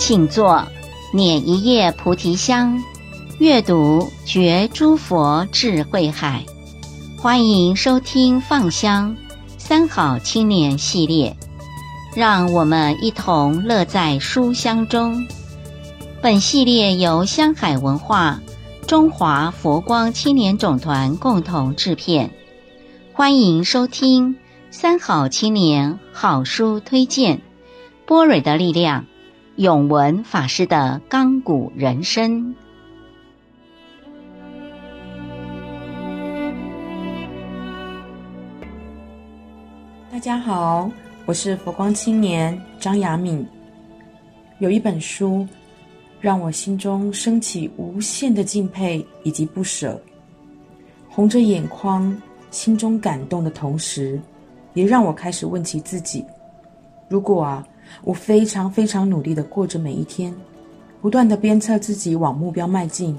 請坐，捻一葉菩提香，閱讀覺諸佛智慧海。歡迎收聽《放香三好青年》系列，讓我們一同樂在書香中。本系列由香海文化、中華佛光青年總團共同制片。歡迎收聽《三好青年好書推薦》——《般若的力量》。永文法師的鋼骨人生。大家好，我是佛光青年張雅閔。有一本書讓我心中升起無限的敬佩以及不捨，紅着眼眶，心中感動的同時，也讓我開始問起自己：如果啊。我非常非常努力的過着每一天，不斷的鞭策自己往目標邁進，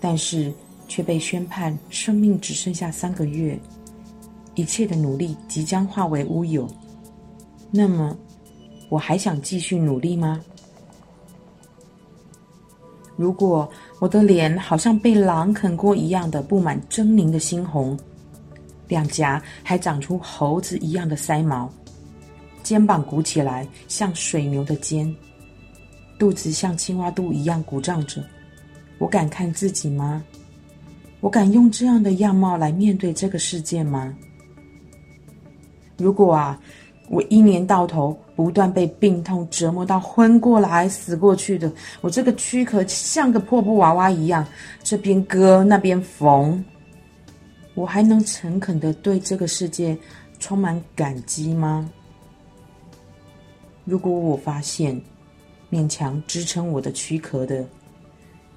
但是卻被宣判生命只剩下三個月，一切的努力即將化為烏有。那麼，我還想繼續努力嗎？如果我的臉好像被狼啃過一樣的布滿猙獰的猩紅，兩頰還長出猴子一樣的腮毛。肩膀鼓起來，像水牛的肩；肚子像青蛙肚一樣鼓脹着。我敢看自己嗎？我敢用這樣的樣貌來面對這個世界嗎？如果啊，我一年到頭不斷被病痛折磨到昏過來、死過去的，我這個軀殼像個破布娃娃一樣，這邊割那邊縫，我還能誠懇的對這個世界充滿感激嗎？如果我發現勉強支撐我的軀殼的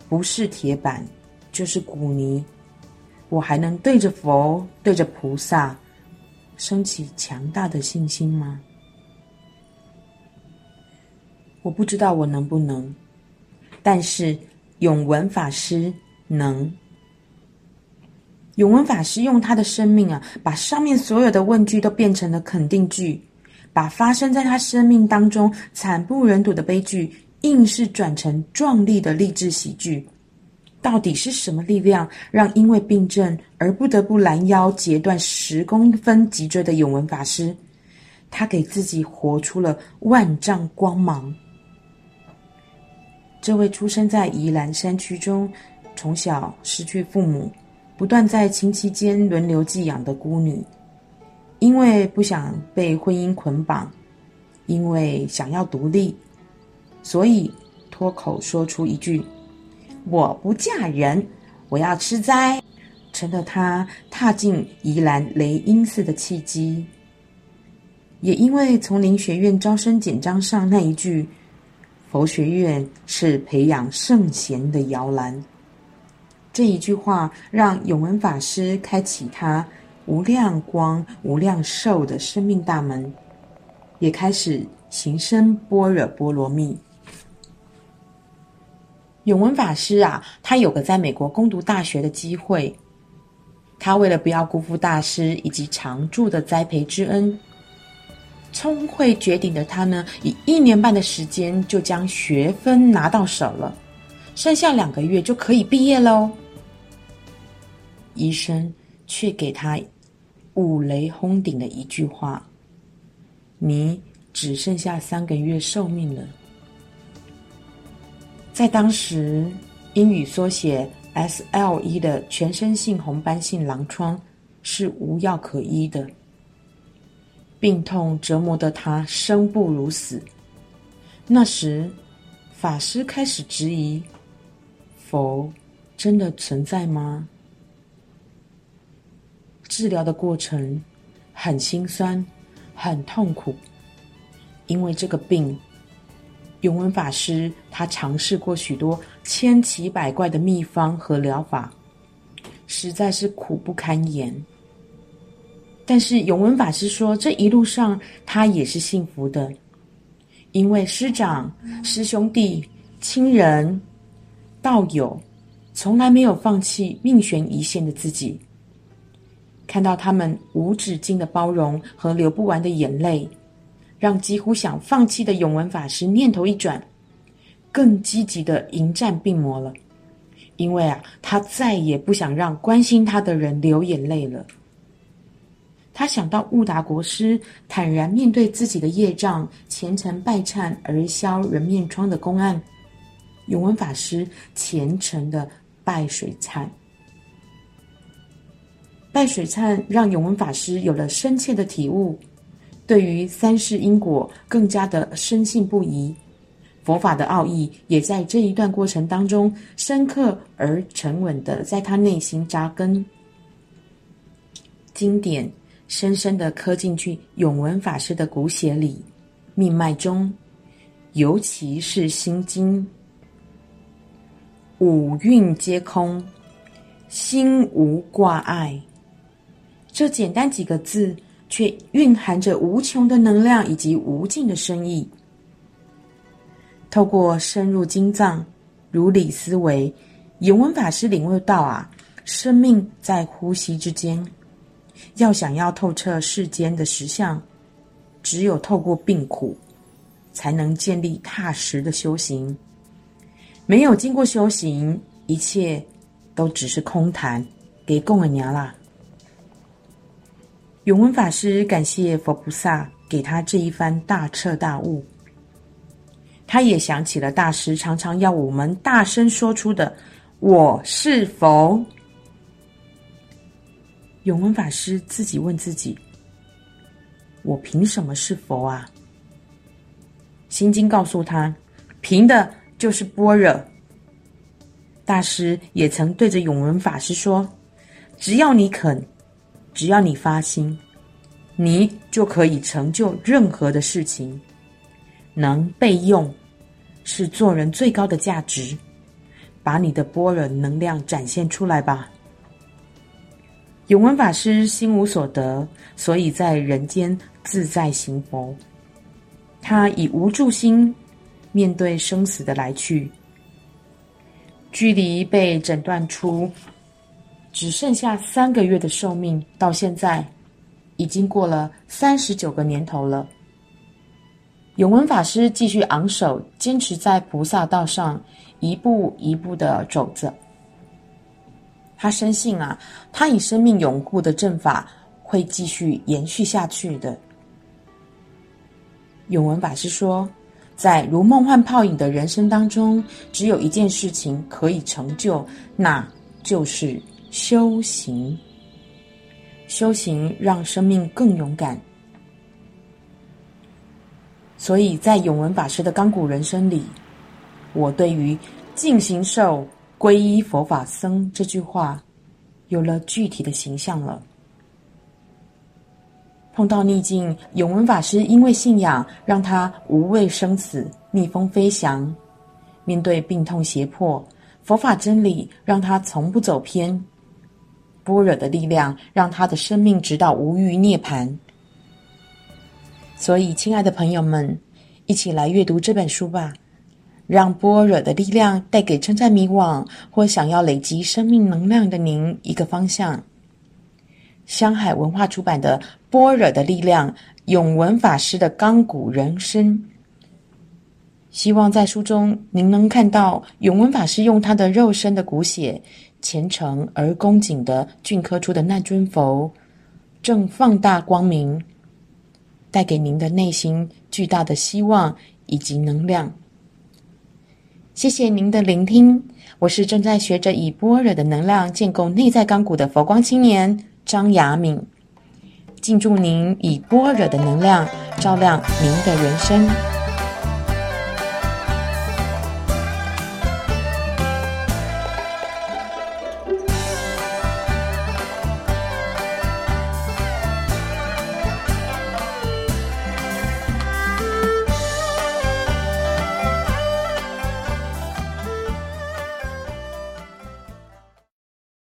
不是鐵板，就是骨泥，我還能對着佛、對着菩薩升起強大的信心嗎？我不知道我能不能，但是永文法師能。永文法師用他的生命啊，把上面所有的問句都變成了肯定句。把發生在他生命當中慘不忍睹的悲劇，硬是轉成壯麗的勵志喜劇。到底是什麼力量，讓因為病症而不得不攔腰截斷十公分脊椎的永文法師，他給自己活出了萬丈光芒？這位出生在宜蘭山區中，從小失去父母，不斷在親戚間輪流寄養的孤女。因為不想被婚姻捆綁，因為想要獨立，所以脫口說出一句：“我不嫁人，我要吃齋。”成了他踏進宜蘭雷音寺的契機。也因為叢林學院招生簡章上那一句“佛學院是培養聖賢的搖籃”，這一句話讓永文法師開啟他。無量光、無量壽的生命大門，也開始行深般若波羅蜜。永文法師啊，他有個在美國攻讀大學的機會，他為了不要辜負大師以及常住的栽培之恩，聰慧絕頂的他呢，以一年半的時間就將學分拿到手了，剩下兩個月就可以畢業嘍。醫生，卻給他五雷轟頂的一句話：“你只剩下三個月壽命了。”在當時，英語縮寫 SLE 的全身性紅斑性狼瘡是無藥可醫的，病痛折磨得他生不如死。那時，法師開始質疑：佛真的存在嗎？治療的過程很心酸，很痛苦，因為這個病，永文法師他嘗試過許多千奇百怪的秘方和療法，實在是苦不堪言。但是永文法師說，這一路上他也是幸福的，因為師長、師兄弟、親人、道友，從來沒有放棄命懸一線的自己。看到他們無止境的包容和流不完的眼淚，讓幾乎想放棄的永文法師念頭一轉，更積極的迎戰病魔了。因為啊，他再也不想讓關心他的人流眼淚了。他想到悟達國師坦然面對自己的業障，虔誠拜懺而消人面瘡的公案，永文法師虔誠的拜水懺。拜水懺讓永文法師有了深切的體悟，對於三世因果更加的深信不疑，佛法的奧義也在這一段過程當中深刻而沉穩的在他內心扎根，經典深深的刻進去永文法師的骨血裡、命脈中，尤其是心經，五蘊皆空，心無掛礙。這簡單幾個字，卻蘊含着無窮的能量以及無盡的深意。透過深入經藏，如理思維，永文法師領悟到啊，生命在呼吸之間。要想要透徹世間的實相，只有透過病苦，才能建立踏實的修行。沒有經過修行，一切都只是空談。給供養娘啦。永文法師感謝佛菩薩給他這一番大徹大悟，他也想起了大師常常要我們大聲說出的“我是佛”。永文法師自己問自己：“我憑什麼是佛啊？”《心經》告訴他：“憑的就是般若。”大師也曾對着永文法師說：“只要你肯。”只要你發心，你就可以成就任何的事情。能被用，是做人最高的價值。把你的般若能量展現出來吧。永文法師心無所得，所以在人間自在行佛。他以無住心面對生死的來去。距離被診斷出，只剩下三個月的壽命，到現在已經過了三十九個年頭了。永文法師繼續昂首，堅持在菩薩道上一步一步的走着。他深信啊，他以生命永固的正法會繼續延續下去的。永文法師說，在如夢幻泡影的人生當中，只有一件事情可以成就，那就是。修行，修行讓生命更勇敢。所以在永文法師的《鋼骨人生》裡，我對於“盡形壽，皈依佛法僧”這句話，有了具體的形象了。碰到逆境，永文法師因為信仰，讓他無畏生死，逆風飛翔；面對病痛脅迫，佛法真理讓他從不走偏。般若的力量讓他的生命直到無餘涅槃，所以親愛的朋友們，一起來閱讀這本書吧，讓般若的力量帶給正在迷惘或想要累積生命能量的您一個方向。香海文化出版的《般若的力量》，永文法師的《鋼骨人生》，希望在書中您能看到永文法師用他的肉身的骨血，虔誠而恭敬的鐫刻出的那尊佛，正放大光明，帶給您的內心巨大的希望以及能量。謝謝您的聆聽，我是正在學着以般若的能量建構內在鋼骨的佛光青年張雅閔，敬祝您以般若的能量照亮您的人生。